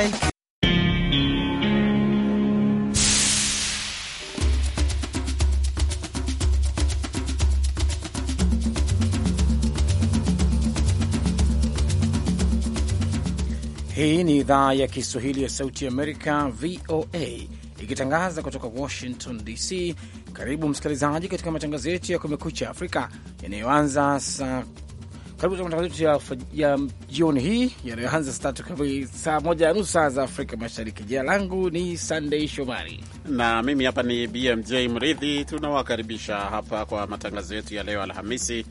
Hii ni idhaa ya Kiswahili ya Sauti Amerika, VOA, ikitangaza kutoka Washington DC. Karibu msikilizaji katika matangazo yetu ya Kumekucha Afrika yanayoanza saa karibu katika matangazo yetu ya jioni hii yanayoanza saa tatu kamili, saa moja na nusu saa za Afrika Mashariki. Jina langu ni Sandei Shomari na mimi hapa ni BMJ Mridhi. Tunawakaribisha hapa kwa matangazo yetu ya leo Alhamisi,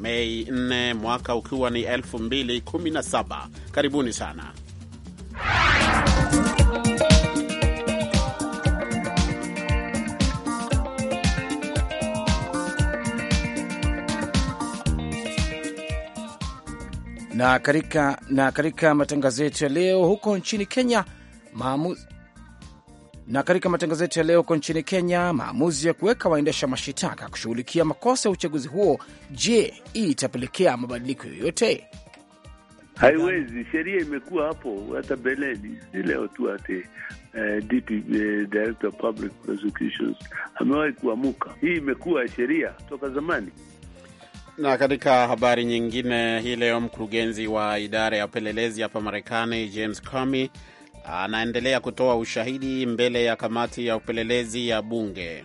Mei 4 mwaka ukiwa ni 2017. Karibuni sana na katika na katika matangazo yetu ya leo huko nchini Kenya maamuzi na katika matangazo yetu ya leo huko nchini Kenya, maamuzi ya kuweka waendesha mashitaka kushughulikia makosa ya uchaguzi huo, je, hii itapelekea mabadiliko yoyote? Haiwezi, sheria imekuwa hapo hata beleni, si leo tu ate Uh, DP, uh, eh, Director of Public Prosecutions amewahi kuamuka. Hii imekuwa sheria toka zamani. Na katika habari nyingine hii leo, mkurugenzi wa idara ya upelelezi hapa Marekani James Comey anaendelea kutoa ushahidi mbele ya kamati ya upelelezi ya bunge.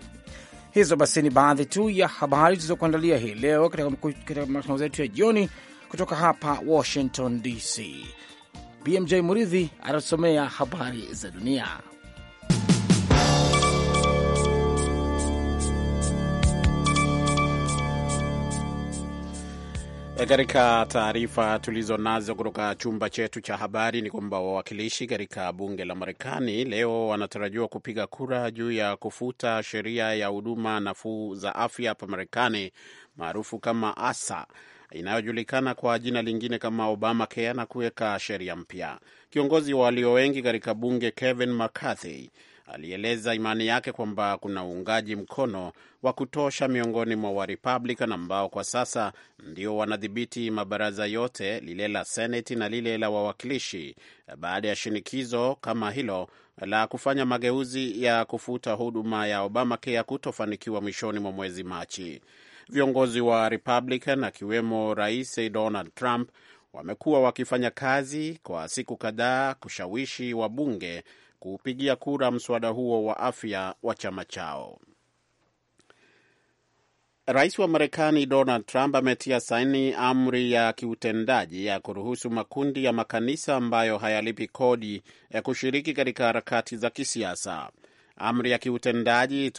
Hizo basi ni baadhi tu ya habari tulizokuandalia hii leo katika matangazo yetu ya jioni kutoka hapa Washington DC. BMJ Muridhi anatusomea habari za dunia. E, katika taarifa tulizonazo kutoka chumba chetu cha habari ni kwamba wawakilishi katika bunge la Marekani leo wanatarajiwa kupiga kura juu ya kufuta sheria ya huduma nafuu za afya hapa Marekani maarufu kama ASA inayojulikana kwa jina lingine kama Obamacare na kuweka sheria mpya. Kiongozi walio wengi katika bunge Kevin McCarthy alieleza imani yake kwamba kuna uungaji mkono wa kutosha miongoni mwa Warepublican ambao kwa sasa ndio wanadhibiti mabaraza yote, lile la Seneti na lile la wawakilishi, baada ya shinikizo kama hilo la kufanya mageuzi ya kufuta huduma ya Obamacare kutofanikiwa mwishoni mwa mwezi Machi. Viongozi wa Republican akiwemo Rais Donald Trump wamekuwa wakifanya kazi kwa siku kadhaa kushawishi wabunge kupigia kura mswada huo wa afya wa chama chao. Rais wa Marekani Donald Trump ametia saini amri ya kiutendaji ya kuruhusu makundi ya makanisa ambayo hayalipi kodi ya kushiriki katika harakati za kisiasa. Amri ya kiutendaji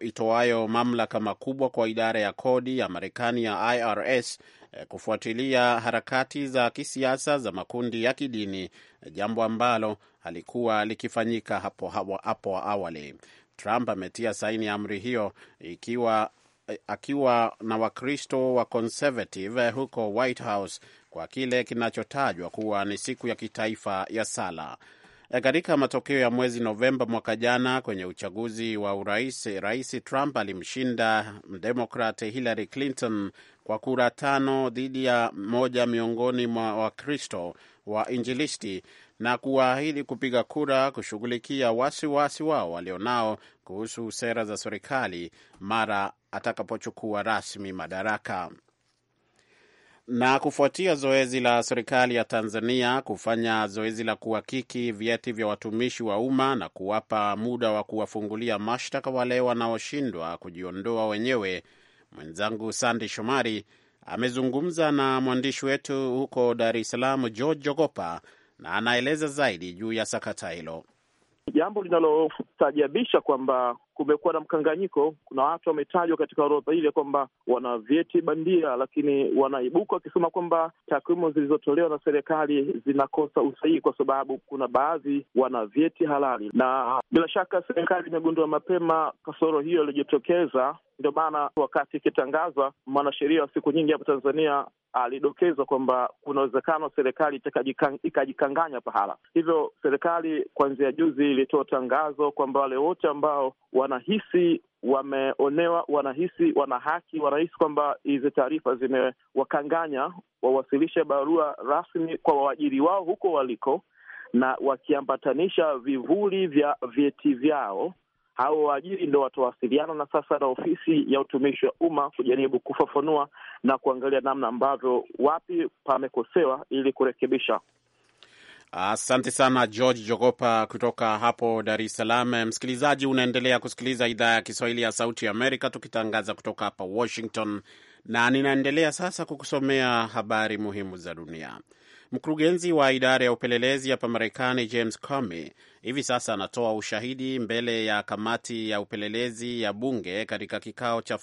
itoayo mamlaka makubwa kwa idara ya kodi ya Marekani ya IRS Eh, kufuatilia harakati za kisiasa za makundi ya kidini, jambo ambalo halikuwa likifanyika hapo, hapo, hapo awali. Trump ametia saini ya amri hiyo ikiwa eh, akiwa na Wakristo wa conservative eh, huko White House kwa kile kinachotajwa kuwa ni siku ya kitaifa ya sala. Katika matokeo ya mwezi Novemba mwaka jana kwenye uchaguzi wa urais, rais Trump alimshinda mdemokrat Hillary Clinton kwa kura tano dhidi ya moja miongoni mwa Wakristo wa injilisti na kuwaahidi kupiga kura kushughulikia wasiwasi wao walionao kuhusu sera za serikali mara atakapochukua rasmi madaraka. Na kufuatia zoezi la serikali ya Tanzania kufanya zoezi la kuhakiki vyeti vya watumishi wa umma na kuwapa muda wa kuwafungulia mashtaka wale wanaoshindwa kujiondoa wenyewe Mwenzangu Sandi Shomari amezungumza na mwandishi wetu huko Dar es Salaam, George Jogopa, na anaeleza zaidi juu ya sakata hilo. Jambo linalostajabisha kwamba kumekuwa na mkanganyiko. Kuna watu wametajwa katika orodha ile kwamba wana vyeti bandia, lakini wanaibuka wakisema kwamba takwimu zilizotolewa na serikali zinakosa usahihi kwa sababu kuna baadhi wana vyeti halali, na bila shaka serikali imegundua mapema kasoro hiyo iliyojitokeza. Ndio maana wakati ikitangazwa, mwanasheria wa siku nyingi hapa Tanzania alidokeza kwamba kuna uwezekano serikali ikajikanganya pahala. Hivyo serikali kuanzia juzi ilitoa tangazo kwamba wale wote ambao wana wanahisi wameonewa, wanahisi wana haki, wanahisi kwamba hizi taarifa zimewakanganya, wawasilishe barua rasmi kwa waajiri wao huko waliko, na wakiambatanisha vivuli vya vyeti vyao. Hao waajiri ndo watawasiliana na sasa na ofisi ya utumishi wa umma kujaribu kufafanua na kuangalia namna ambavyo wapi pamekosewa ili kurekebisha. Asante sana George Jogopa kutoka hapo Dar es Salaam. Msikilizaji, unaendelea kusikiliza idhaa ya Kiswahili ya Sauti Amerika tukitangaza kutoka hapa Washington, na ninaendelea sasa kukusomea habari muhimu za dunia. Mkurugenzi wa idara ya upelelezi hapa Marekani James Comey hivi sasa anatoa ushahidi mbele ya kamati ya upelelezi ya bunge katika kikao cha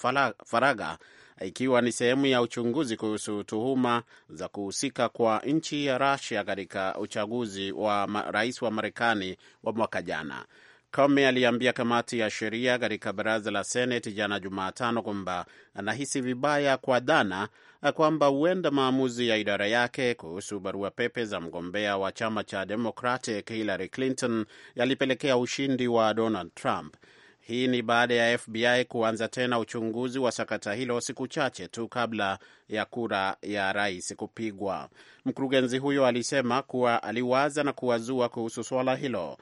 faraga ikiwa ni sehemu ya uchunguzi kuhusu tuhuma za kuhusika kwa nchi ya Russia katika uchaguzi wa rais wa Marekani wa mwaka jana. Comey aliambia kamati ya sheria katika baraza la Seneti jana Jumatano kwamba anahisi vibaya kwa dhana kwamba huenda maamuzi ya idara yake kuhusu barua pepe za mgombea wa chama cha Democratic Hillary Clinton yalipelekea ushindi wa Donald Trump. Hii ni baada ya FBI kuanza tena uchunguzi wa sakata hilo siku chache tu kabla ya kura ya rais kupigwa. Mkurugenzi huyo alisema kuwa aliwaza na kuwazua kuhusu swala hilo,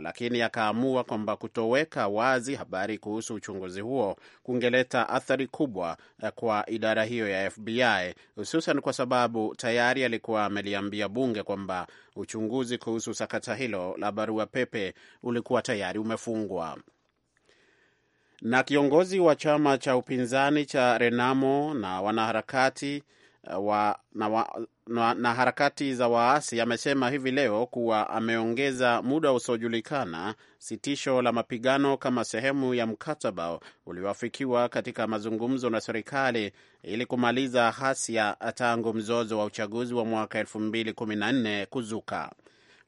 lakini akaamua kwamba kutoweka wazi habari kuhusu uchunguzi huo kungeleta athari kubwa kwa idara hiyo ya FBI, hususan kwa sababu tayari alikuwa ameliambia bunge kwamba uchunguzi kuhusu sakata hilo la barua pepe ulikuwa tayari umefungwa na kiongozi wa chama cha upinzani cha Renamo na wanaharakati eh, wa, na, wa, na, na harakati za waasi amesema hivi leo kuwa ameongeza muda usiojulikana sitisho la mapigano kama sehemu ya mkataba ulioafikiwa katika mazungumzo na serikali ili kumaliza hasia tangu mzozo wa uchaguzi wa mwaka 2014 kuzuka.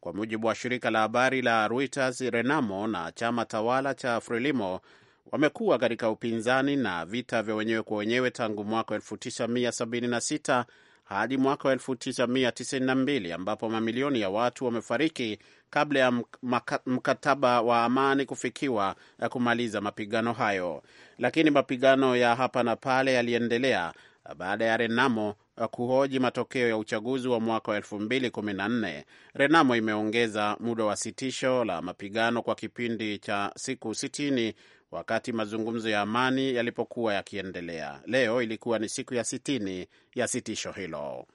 Kwa mujibu wa shirika la habari la Reuters, Renamo na chama tawala cha Frelimo wamekuwa katika upinzani na vita vya wenyewe kwa wenyewe tangu mwaka 1976 hadi mwaka 1992 ambapo mamilioni ya watu wamefariki kabla ya mkataba wa amani kufikiwa ya kumaliza mapigano hayo. Lakini mapigano ya hapa na pale yaliendelea baada ya Renamo kuhoji matokeo ya uchaguzi wa mwaka wa nne. Renamo imeongeza muda wa sitisho la mapigano kwa kipindi cha siku 60 wakati mazungumzo ya amani yalipokuwa yakiendelea. Leo ilikuwa ni siku ya sitini ya sitisho hilo.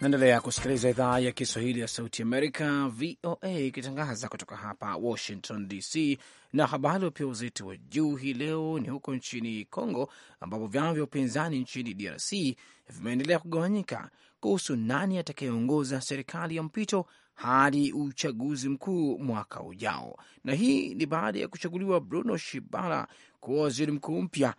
Naendelea kusikiliza idhaa ya Kiswahili ya Sauti Amerika, VOA, ikitangaza kutoka hapa Washington DC. Na habari wapewa uzito wa juu hii leo ni huko nchini Congo, ambapo vyama vya upinzani nchini DRC vimeendelea kugawanyika kuhusu nani atakayeongoza serikali ya mpito hadi uchaguzi mkuu mwaka ujao. Na hii ni baada ya kuchaguliwa Bruno Shibala kuwa waziri mkuu mpya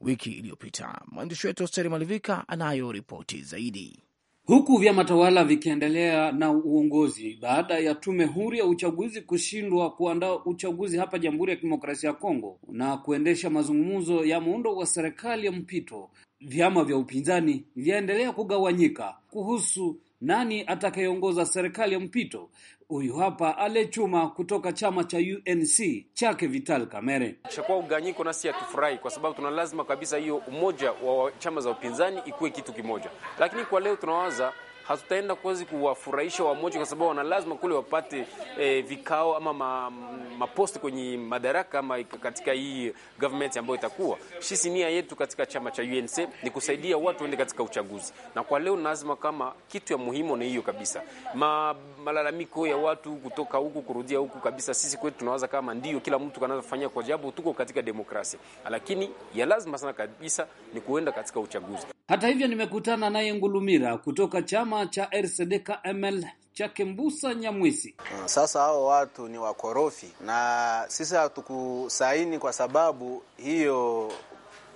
wiki iliyopita. Mwandishi wetu Hosteri Malivika anayo ripoti zaidi huku vyama tawala vikiendelea na uongozi baada ya tume huru ya uchaguzi kushindwa kuandaa uchaguzi hapa Jamhuri ya Kidemokrasia ya Kongo na kuendesha mazungumzo ya muundo wa serikali ya mpito, vyama vya upinzani vyaendelea kugawanyika kuhusu nani atakayeongoza serikali ya mpito? Huyu hapa alechuma kutoka chama cha UNC chake Vital Kamerhe. Shakuwa uganyiko, nasi hatufurahi kwa sababu tuna lazima kabisa hiyo umoja wa chama za upinzani ikuwe kitu kimoja, lakini kwa leo tunawaza hatutaenda kuwezi kuwafurahisha wamoja, kwa sababu wana lazima kule wapate e, vikao ama ma, maposti kwenye madaraka ama katika hii government ambayo itakuwa. Sisi nia yetu katika chama cha UNC ni kusaidia watu waende katika uchaguzi, na kwa leo lazima kama kitu ya muhimu ni hiyo kabisa. Ma, malalamiko ya watu kutoka huku kurudia huku kabisa, sisi kwetu tunawaza kama ndio kila mtu kanafanya kwa jabu, tuko katika demokrasia, lakini ya lazima sana kabisa ni kuenda katika uchaguzi. Hata hivyo nimekutana naye Ngulumira kutoka chama chama cha RCD-ML cha Kembusa Nyamwisi. Mm, sasa hao watu ni wakorofi na sisi hatukusaini kwa sababu hiyo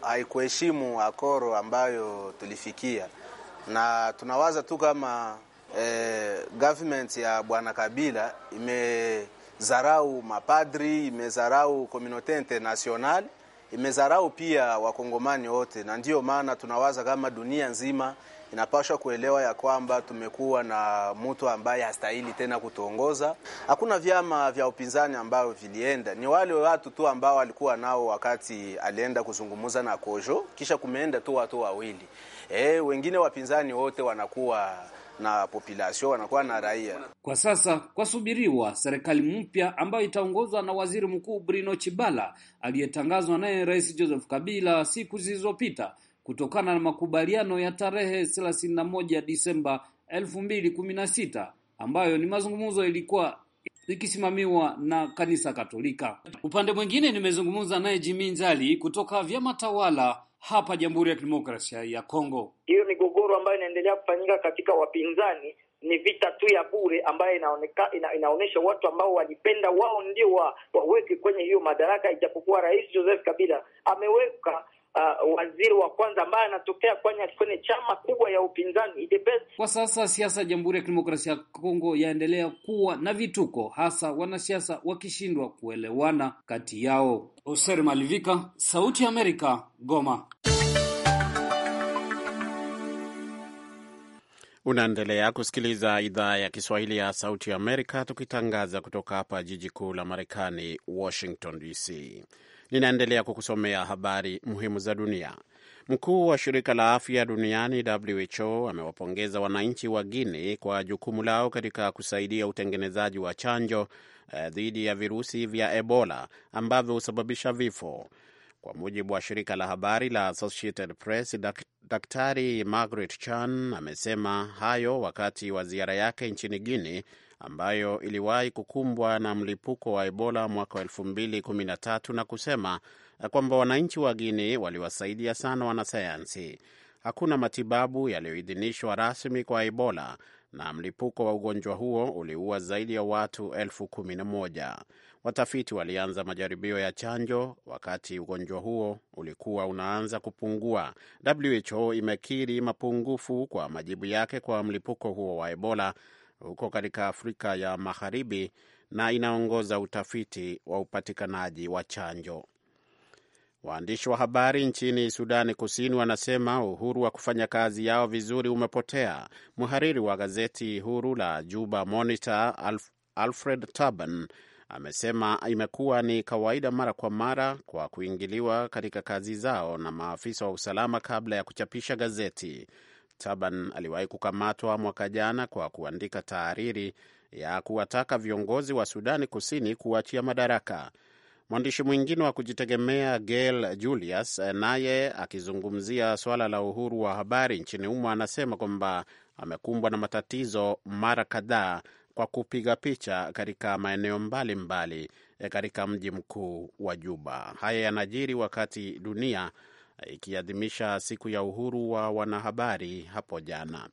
haikuheshimu akoro ambayo tulifikia, na tunawaza tu kama eh, government ya bwana Kabila imezarau mapadri, imezarau komunote international, imezarau pia wakongomani wote, na ndiyo maana tunawaza kama dunia nzima inapaswa kuelewa ya kwamba tumekuwa na mtu ambaye hastahili tena kutuongoza. Hakuna vyama vya upinzani ambayo vilienda, ni wale watu tu ambao walikuwa nao wakati alienda kuzungumza na Kojo, kisha kumeenda tu watu wawili. E, wengine wapinzani wote wanakuwa na population wanakuwa na raia. Kwa sasa kwasubiriwa serikali mpya ambayo itaongozwa na waziri mkuu Bruno Chibala aliyetangazwa naye Rais Joseph Kabila siku zilizopita kutokana na makubaliano ya tarehe 31 Disemba 2016 ambayo ni mazungumzo ilikuwa ikisimamiwa na kanisa Katolika. Upande mwingine, nimezungumza naye Jimmy Nzali kutoka vyama tawala hapa Jamhuri ya Kidemokrasia ya Kongo. Hiyo migogoro ambayo inaendelea kufanyika katika wapinzani ni vita tu ya bure ambayo inaoneka, ina, inaonyesha watu ambao walipenda wao ndio wa, waweke kwenye hiyo madaraka, ijapokuwa Rais Joseph Kabila ameweka uh, waziri wa kwanza ambaye anatokea kwenye, kwenye chama kubwa ya upinzani UDPS. Kwa sasa siasa ya Jamhuri ya Kidemokrasia ya Kongo yaendelea kuwa na vituko, hasa wanasiasa wakishindwa kuelewana kati yao. Oser Malivika, Sauti ya Amerika, Goma. Unaendelea kusikiliza idhaa ya Kiswahili ya Sauti ya Amerika, tukitangaza kutoka hapa jiji kuu la Marekani, Washington DC. Ninaendelea kukusomea habari muhimu za dunia. Mkuu wa shirika la afya duniani WHO amewapongeza wananchi wa Guinea kwa jukumu lao katika kusaidia utengenezaji wa chanjo eh, dhidi ya virusi vya Ebola ambavyo husababisha vifo. Kwa mujibu wa shirika la habari la Associated Press, Daktari Margaret Chan amesema hayo wakati wa ziara yake nchini Guinea ambayo iliwahi kukumbwa na mlipuko wa Ebola mwaka wa kumi na kusema kwamba wananchi wa Guini waliwasaidia sana wanasayansi. Hakuna matibabu yaliyoidhinishwa rasmi kwa Ebola na mlipuko wa ugonjwa huo uliua zaidi ya watu elfu kumi na moja. Watafiti walianza majaribio ya chanjo wakati ugonjwa huo ulikuwa unaanza kupungua. WHO imekiri mapungufu kwa majibu yake kwa mlipuko huo wa Ebola huko katika Afrika ya Magharibi na inaongoza utafiti wa upatikanaji wa chanjo. Waandishi wa habari nchini Sudani Kusini wanasema uhuru wa kufanya kazi yao vizuri umepotea. Mhariri wa gazeti huru la Juba Monitor, Alfred Taban amesema imekuwa ni kawaida mara kwa mara kwa kuingiliwa katika kazi zao na maafisa wa usalama kabla ya kuchapisha gazeti. Taban aliwahi kukamatwa mwaka jana kwa kuandika taariri ya kuwataka viongozi wa Sudani Kusini kuachia madaraka. Mwandishi mwingine wa kujitegemea Gail Julius eh, naye akizungumzia swala la uhuru wa habari nchini humo anasema kwamba amekumbwa na matatizo mara kadhaa kwa kupiga picha katika maeneo mbalimbali eh, katika mji mkuu wa Juba. Haya yanajiri wakati dunia eh, ikiadhimisha siku ya uhuru wa wanahabari hapo jana.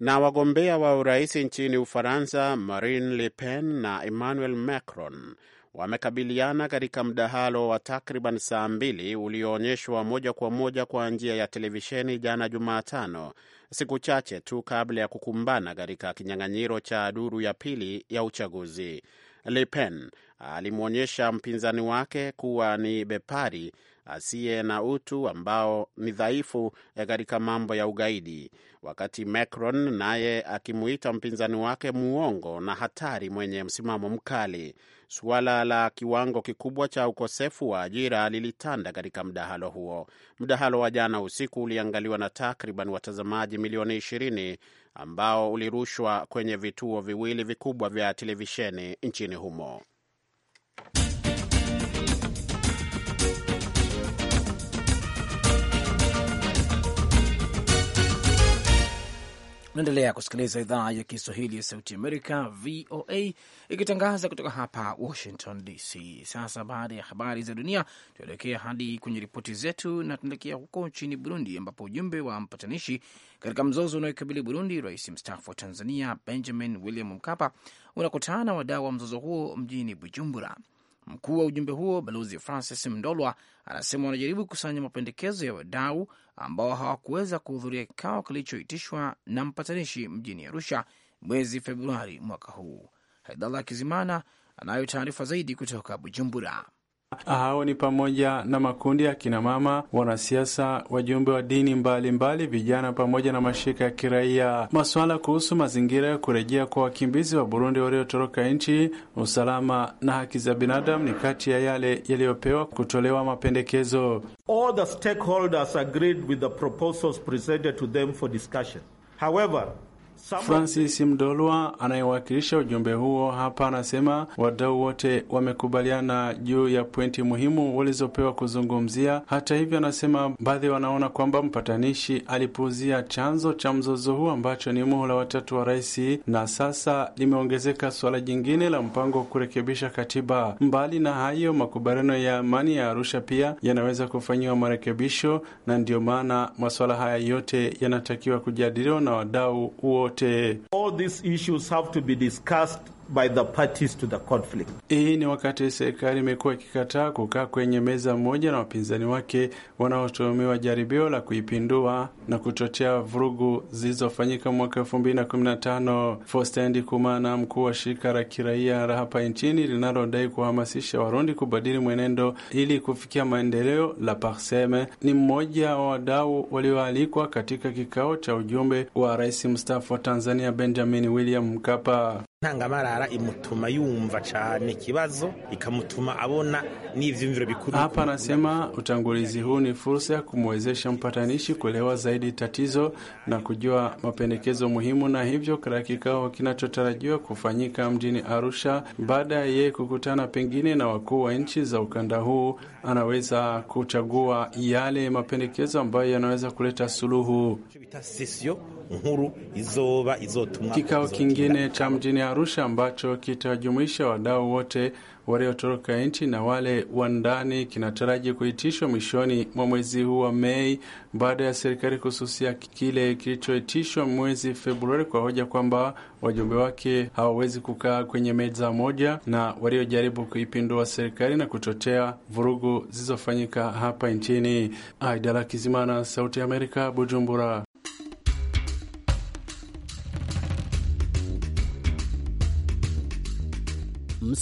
Na wagombea wa urais nchini Ufaransa, Marine Le Pen na Emmanuel Macron wamekabiliana katika mdahalo wa takriban saa mbili ulioonyeshwa moja kwa moja kwa njia ya televisheni jana Jumatano, siku chache tu kabla ya kukumbana katika kinyang'anyiro cha duru ya pili ya uchaguzi. Le Pen alimwonyesha mpinzani wake kuwa ni bepari asiye na utu ambao ni dhaifu eh, katika mambo ya ugaidi, wakati Macron naye akimuita mpinzani wake muongo na hatari mwenye msimamo mkali. Suala la kiwango kikubwa cha ukosefu wa ajira lilitanda katika mdahalo huo. Mdahalo wa jana usiku uliangaliwa na takriban watazamaji milioni ishirini ambao ulirushwa kwenye vituo viwili vikubwa vya televisheni nchini humo. Naendelea kusikiliza idhaa ya Kiswahili ya Sauti Amerika, VOA, ikitangaza kutoka hapa Washington DC. Sasa baada ya habari za dunia, tuelekea hadi kwenye ripoti zetu na tunaelekea huko nchini Burundi, ambapo ujumbe wa mpatanishi katika mzozo unaoikabili Burundi, rais mstaafu wa Tanzania Benjamin William Mkapa, unakutana wadau wa mzozo huo mjini Bujumbura. Mkuu wa ujumbe huo Balozi Francis Mndolwa anasema wanajaribu kukusanya mapendekezo ya wadau ambao hawakuweza kuhudhuria kikao kilichoitishwa na mpatanishi mjini Arusha mwezi Februari mwaka huu. haidala Kizimana anayo taarifa zaidi kutoka Bujumbura. Hao ni pamoja na makundi ya kinamama, wanasiasa, wajumbe wa dini mbalimbali, vijana pamoja na mashirika ya kiraia. Masuala kuhusu mazingira ya kurejea kwa wakimbizi wa Burundi waliotoroka nchi, usalama na haki za binadamu ni kati ya yale yaliyopewa kutolewa mapendekezo. All the stakeholders agreed with the proposals presented to them for discussion. However, Francis Mdolwa anayewakilisha ujumbe huo hapa anasema wadau wote wamekubaliana juu ya pointi muhimu walizopewa kuzungumzia. Hata hivyo, anasema baadhi wanaona kwamba mpatanishi alipuuzia chanzo cha mzozo huu ambacho ni muhula watatu wa rais, na sasa limeongezeka suala jingine la mpango wa kurekebisha katiba. Mbali na hayo, makubaliano ya amani ya Arusha pia yanaweza kufanyiwa marekebisho, na ndiyo maana masuala haya yote yanatakiwa kujadiliwa na wadau wote. wote. Uh, all these issues have to be discussed by the parties to the conflict. Hii ni wakati serikali imekuwa ikikataa kukaa kwenye meza moja na wapinzani wake wanaotuhumiwa jaribio la kuipindua na kuchochea vurugu zilizofanyika mwaka tano. Fostendi Kumana, mkuu wa shirika la kiraia la hapa nchini linalodai kuhamasisha Warundi kubadili mwenendo ili kufikia maendeleo, la Parseme, ni mmoja wa wadau walioalikwa katika kikao cha ujumbe wa rais mstaafu wa Tanzania Benjamin William Mkapa ntangamarara imutuma yumva cyane kibazo ikamutuma abona n'ivyumviro bikuru. Hapa anasema utangulizi huu ni fursa ya kumwezesha mpatanishi kuelewa zaidi tatizo na kujua mapendekezo muhimu, na hivyo katika kikao kinachotarajiwa kufanyika mjini Arusha, baada ya yeye kukutana pengine na wakuu wa nchi za ukanda huu, anaweza kuchagua yale mapendekezo ambayo yanaweza kuleta suluhu nkuru izoba izotumwa. Kikao kingine cha mjini Arusha ambacho kitajumuisha wadau wote waliotoroka nchi na wale wa ndani kinataraji kuitishwa mwishoni mwa mwezi huu wa Mei baada ya serikali kususia kile kilichoitishwa mwezi Februari kwa hoja kwamba wajumbe wake hawawezi kukaa kwenye meza moja na waliojaribu kuipindua serikali na kutotea vurugu zilizofanyika hapa nchini. Aidala Kizimana, Sauti ya Amerika, Bujumbura.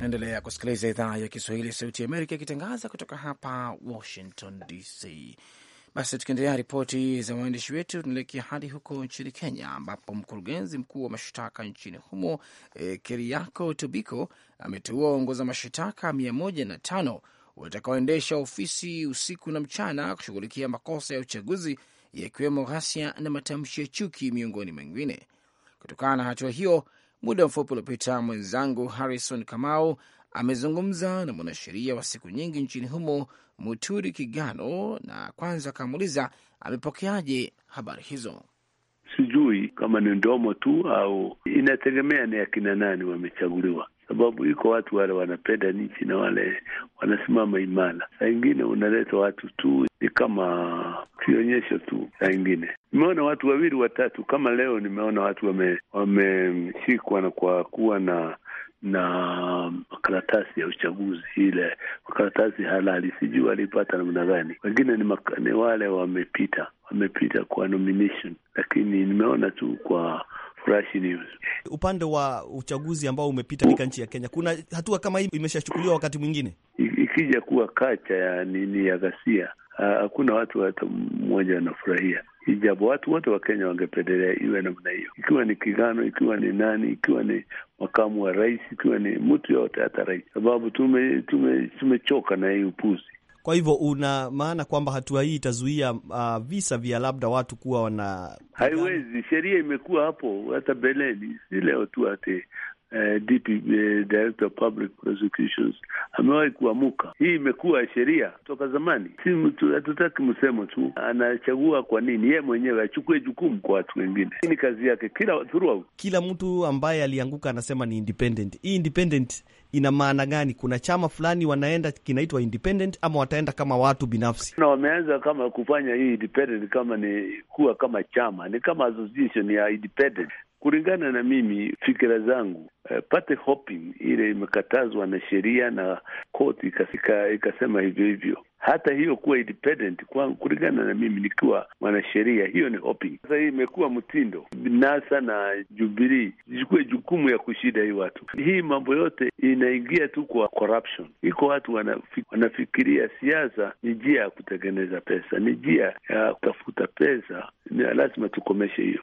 Naendelea kusikiliza idhaa ya Kiswahili ya Sauti ya Amerika ikitangaza kutoka hapa Washington DC. Basi tukiendelea ripoti za waandishi wetu, tunaelekea hadi huko nchini Kenya, ambapo mkurugenzi mkuu wa mashtaka nchini humo e, Keriako Tobiko ameteua waongoza mashitaka mia moja na tano watakaoendesha ofisi usiku na mchana kushughulikia makosa ya uchaguzi yakiwemo ghasia na matamshi ya chuki miongoni mengine Kutokana na hatua hiyo, Muda mfupi uliopita, mwenzangu Harrison Kamau amezungumza na mwanasheria wa siku nyingi nchini humo Muturi Kigano, na kwanza akamuuliza amepokeaje habari hizo. Sijui kama ni ndomo tu au inategemea ni akina nani wamechaguliwa sababu iko watu wale wanapenda nchi na wale wanasimama imara. Saa ingine unaleta watu tu ni kama kionyesho tu. Saa ingine nimeona watu wawili watatu, kama leo nimeona watu wameshikwa wame na kwa kuwa na na makaratasi ya uchaguzi, ile makaratasi halali, sijui walipata namna gani. Wengine ni, ni wale wamepita wamepita kwa nomination, lakini nimeona tu kwa Furashi News. Upande wa uchaguzi ambao umepita katika nchi ya Kenya, kuna hatua kama hii imeshachukuliwa wakati mwingine, ikija kuwa kacha ya nini ya ghasia, hakuna watu hata mmoja wanafurahia ijapo watu wote wa Kenya wangependelea iwe namna hiyo, ikiwa ni Kigano, ikiwa ni nani, ikiwa ni makamu wa rais, ikiwa ni mtu yoyote, hata rais, sababu tumechoka tume, na hii upuzi. Kwa hivyo una maana kwamba hatua hii itazuia uh, visa vya labda watu kuwa wana, haiwezi. Sheria imekuwa hapo hata beleni, si leo tu ate Eh, eh, Director of Public Prosecutions amewahi kuamuka. Hii imekuwa sheria toka zamani, si mtu, hatutaki msemo tu, anachagua kwa nini yeye mwenyewe achukue jukumu kwa watu wengine. Hii ni kazi yake kila throughout. Kila mtu ambaye alianguka anasema ni independent. Hii independent ina maana gani? Kuna chama fulani wanaenda kinaitwa independent, ama wataenda kama watu binafsi? Na wameanza kama kufanya hii independent kama ni kuwa kama chama, ni kama association ya independent Kulingana na mimi fikira zangu, uh, pate hopping ile imekatazwa na sheria na koti ikasema hivyo hivyo. Hata hiyo kuwa independent kwangu, kulingana na mimi nikiwa mwanasheria, hiyo ni hopping. Sasa hii imekuwa mtindo, NASA na Jubilee zichukue jukumu ya kushida hii watu. Hii mambo yote inaingia tu kwa corruption. Iko watu wanafikiria siasa ni njia ya kutengeneza pesa, ni njia ya kutafuta pesa. Ni lazima tukomeshe hiyo.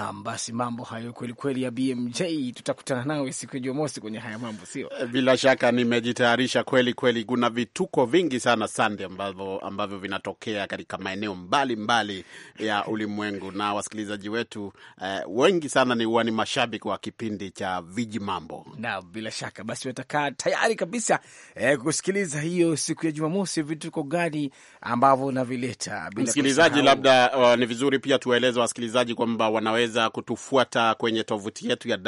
Naam, basi mambo hayo kweli kweli ya BMJ, tutakutana nawe siku ya Jumamosi kwenye haya mambo, sio bila shaka. Nimejitayarisha kweli kweli, kuna vituko vingi sana sande ambavyo ambavyo vinatokea katika maeneo mbalimbali mbali ya ulimwengu na wasikilizaji wetu eh, wengi sana ni huwa ni mashabiki wa kipindi cha viji mambo. Naam, bila shaka basi watakaa tayari kabisa eh, kusikiliza hiyo siku ya Jumamosi vituko gani ambavyo navileta. Msikilizaji, labda uh, ni vizuri pia tuwaeleze wasikilizaji kwamba wanaweza unaweza kutufuata kwenye tovuti yetu ya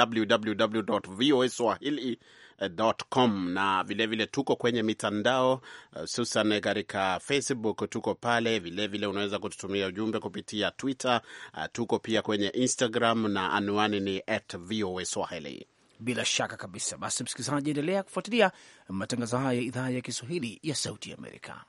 com na vilevile vile tuko kwenye mitandao eh, hususan katika Facebook tuko pale. Vilevile vile unaweza kututumia ujumbe kupitia Twitter. Eh, tuko pia kwenye Instagram na anwani ni at VOA Swahili. Bila shaka kabisa, basi msikilizaji, endelea kufuatilia matangazo haya ya idhaa ya Kiswahili ya Sauti Amerika.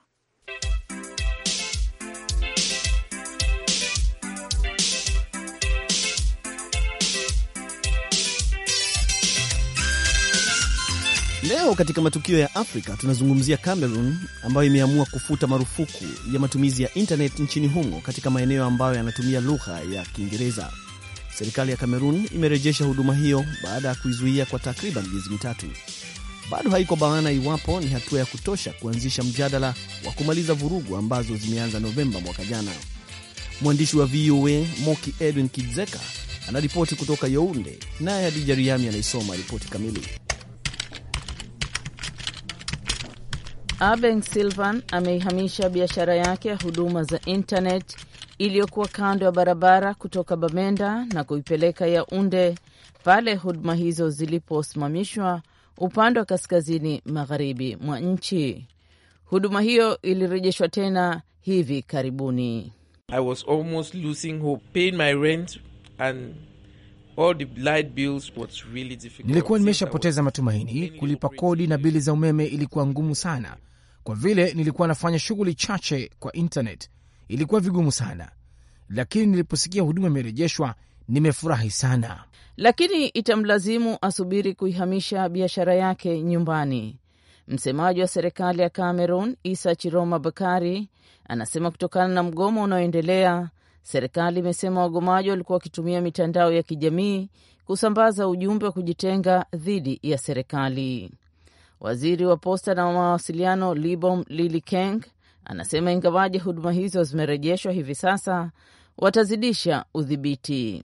Leo katika matukio ya Afrika tunazungumzia Cameroon ambayo imeamua kufuta marufuku ya matumizi ya intanet nchini humo katika maeneo ambayo yanatumia lugha ya Kiingereza. Serikali ya Cameroon imerejesha huduma hiyo baada ya kuizuia kwa takriban miezi mitatu. Bado haiko bayana iwapo ni hatua ya kutosha kuanzisha mjadala wa kumaliza vurugu ambazo zimeanza Novemba mwaka jana. Mwandishi wa VOA Moki Edwin Kidzeka anaripoti kutoka Yaounde, naye Hadija Riami anaisoma ripoti kamili. Abeng Silvan ameihamisha biashara yake ya huduma za intanet iliyokuwa kando ya barabara kutoka Bamenda na kuipeleka Yaunde pale huduma hizo ziliposimamishwa upande wa kaskazini magharibi mwa nchi. Huduma hiyo ilirejeshwa tena hivi karibuni. I was almost losing hope, paying my rent and Really nilikuwa nimeshapoteza matumaini. Kulipa kodi na bili za umeme ilikuwa ngumu sana, kwa vile nilikuwa nafanya shughuli chache kwa internet, ilikuwa vigumu sana, lakini niliposikia huduma imerejeshwa, nimefurahi sana. Lakini itamlazimu asubiri kuihamisha biashara yake nyumbani. Msemaji wa serikali ya Cameroon Isa Chiroma Bakari anasema kutokana na mgomo unaoendelea Serikali imesema wagomaji walikuwa wakitumia mitandao ya kijamii kusambaza ujumbe wa kujitenga dhidi ya serikali. Waziri wa posta na mawasiliano Libom lili keng anasema ingawaje huduma hizo zimerejeshwa hivi sasa watazidisha udhibiti.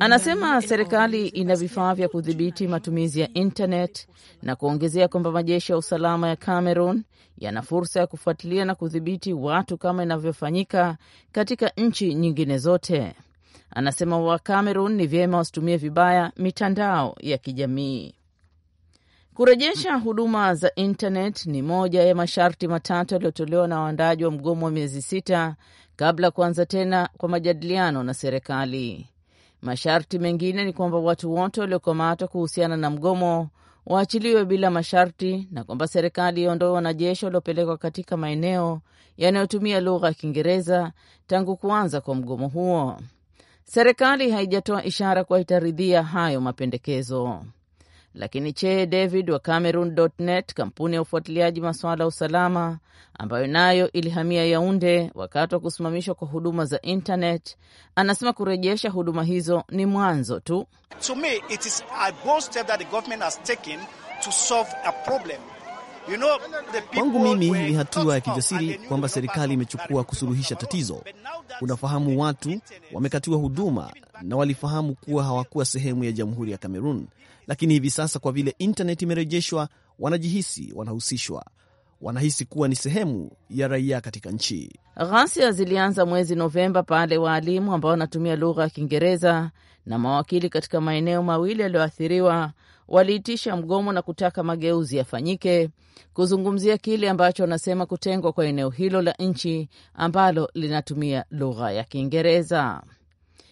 Anasema serikali ina vifaa vya kudhibiti matumizi ya internet na kuongezea kwamba majeshi ya usalama ya Cameroon yana fursa ya kufuatilia na kudhibiti watu kama inavyofanyika katika nchi nyingine zote. Anasema wa Cameroon ni vyema wasitumie vibaya mitandao ya kijamii. Kurejesha huduma za intanet ni moja ya masharti matatu yaliyotolewa na waandaji wa mgomo wa miezi sita kabla ya kuanza tena kwa majadiliano na serikali. Masharti mengine ni kwamba watu wote waliokamatwa kuhusiana na mgomo waachiliwe bila masharti na kwamba serikali iondoe wanajeshi waliopelekwa katika maeneo yanayotumia lugha ya Kiingereza tangu kuanza kwa mgomo huo. Serikali haijatoa ishara kuwa itaridhia hayo mapendekezo. Lakini Che David wa Cameroon.net, kampuni ya ufuatiliaji masuala ya usalama ambayo nayo ilihamia Yaunde wakati wa kusimamishwa kwa huduma za internet, anasema kurejesha huduma hizo ni mwanzo tu. To me, it is a Kwangu mimi ni hatua ya kijasiri kwamba serikali imechukua kusuluhisha tatizo. Unafahamu, watu wamekatiwa huduma na walifahamu kuwa hawakuwa sehemu ya jamhuri ya Kamerun, lakini hivi sasa kwa vile internet imerejeshwa, wanajihisi wanahusishwa, wanahisi kuwa ni sehemu ya raia katika nchi. Ghasia zilianza mwezi Novemba pale waalimu ambao wanatumia lugha ya Kiingereza na mawakili katika maeneo mawili yaliyoathiriwa waliitisha mgomo na kutaka mageuzi yafanyike kuzungumzia kile ambacho wanasema kutengwa kwa eneo hilo la nchi ambalo linatumia lugha ya Kiingereza.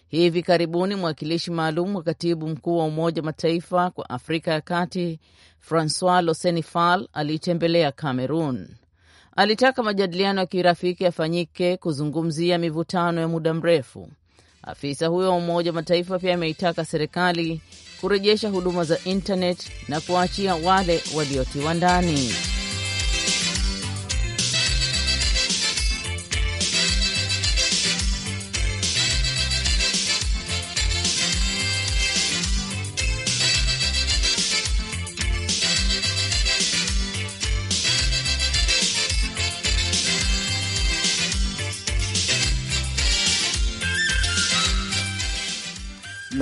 Hivi karibuni mwakilishi maalum wa katibu mkuu wa Umoja wa Mataifa kwa Afrika ya Kati Francois Losenifal aliitembelea Cameroon. Alitaka majadiliano ya kirafiki yafanyike kuzungumzia mivutano ya muda mrefu. Afisa huyo wa Umoja wa Mataifa pia ameitaka serikali kurejesha huduma za intanet na kuwaachia wale waliotiwa ndani.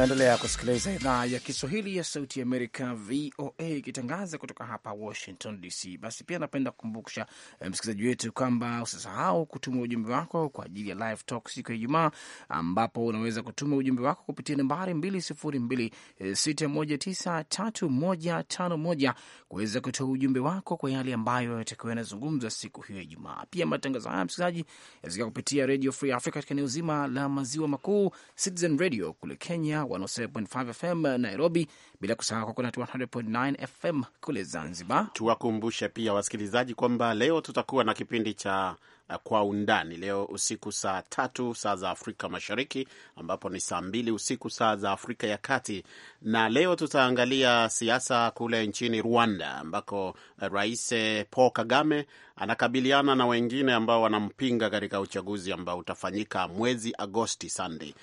Unaendelea kusikiliza idhaa ya Kiswahili ya Sauti ya Amerika, VOA, ikitangaza kutoka hapa Washington DC. Basi pia napenda kukumbusha eh, msikilizaji wetu kwamba usisahau kutuma ujumbe wako kwa ajili ya Live Talk siku ya Ijumaa, ambapo unaweza kutuma ujumbe wako kupitia nambari 2026193151 eh, kuweza kutoa ujumbe wako kwa yale ambayo yatakiwa yanazungumzwa siku hiyo ya Ijumaa. Pia matangazo haya msikilizaji yasikia kupitia Radio Free Africa katika eneo zima la maziwa makuu, Citizen Radio kule Kenya, 107.5 FM Nairobi, bila kusahau kwa 100.9 FM kule Zanzibar. Tuwakumbushe pia wasikilizaji kwamba leo tutakuwa na kipindi cha kwa undani leo usiku saa tatu saa za Afrika Mashariki, ambapo ni saa mbili usiku saa za Afrika ya Kati. Na leo tutaangalia siasa kule nchini Rwanda, ambako Rais Paul Kagame anakabiliana na wengine ambao wanampinga katika uchaguzi ambao utafanyika mwezi Agosti. Sande,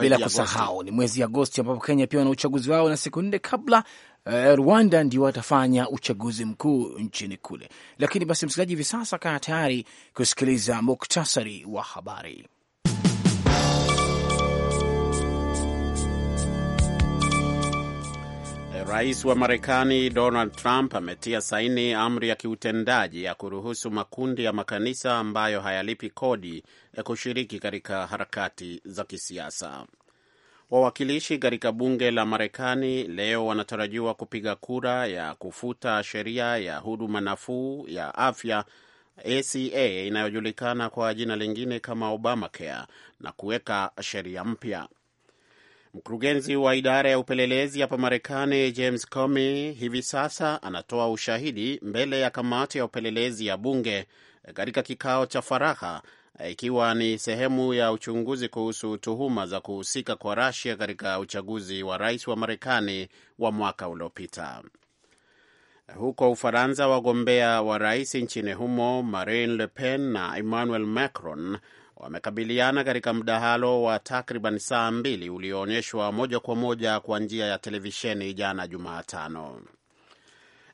bila kusahau ni mwezi Agosti ambapo Kenya pia wana uchaguzi wao na siku nne kabla Eh, Rwanda ndio watafanya uchaguzi mkuu nchini kule. Lakini basi, msikilizaji, hivi sasa kaa tayari kusikiliza muktasari wa habari. Rais wa Marekani Donald Trump ametia saini amri ya kiutendaji ya kuruhusu makundi ya makanisa ambayo hayalipi kodi kushiriki katika harakati za kisiasa. Wawakilishi katika bunge la Marekani leo wanatarajiwa kupiga kura ya kufuta sheria ya huduma nafuu ya afya ACA inayojulikana kwa jina lingine kama Obamacare na kuweka sheria mpya. Mkurugenzi wa idara ya upelelezi hapa Marekani James Comey hivi sasa anatoa ushahidi mbele ya kamati ya upelelezi ya bunge katika kikao cha faragha ikiwa ni sehemu ya uchunguzi kuhusu tuhuma za kuhusika kwa Russia katika uchaguzi wa rais wa Marekani wa mwaka uliopita. Huko Ufaransa, wagombea wa rais nchini humo Marine Le Pen na Emmanuel Macron wamekabiliana katika mdahalo wa takriban saa mbili ulioonyeshwa moja kwa moja kwa njia ya televisheni jana Jumatano.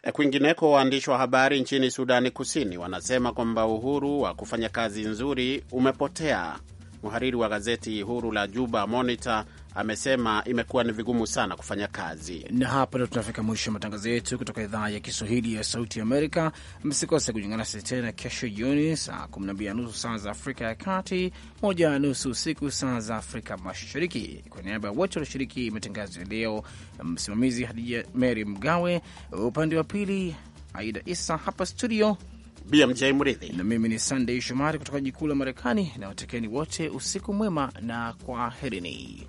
Eh, kwingineko, waandishi wa habari nchini Sudani Kusini wanasema kwamba uhuru wa kufanya kazi nzuri umepotea. Mhariri wa gazeti huru la Juba Monitor amesema imekuwa ni vigumu sana kufanya kazi. Na hapa ndo tunafika mwisho wa matangazo yetu kutoka idhaa ya Kiswahili ya Sauti Amerika. Msikose kujiungana nasi tena kesho jioni saa 12:30 saa za Afrika ya Kati, nusu usiku saa za Afrika Mashariki. Kwa niaba ya wote walioshiriki matangazo ya leo, msimamizi Hadija Mary Mgawe, upande wa pili Aida Isa hapa studio BMJ Mridhi na mimi ni sandey Shomari kutoka jikuu la Marekani, na watekeni wote usiku mwema na kwaherini.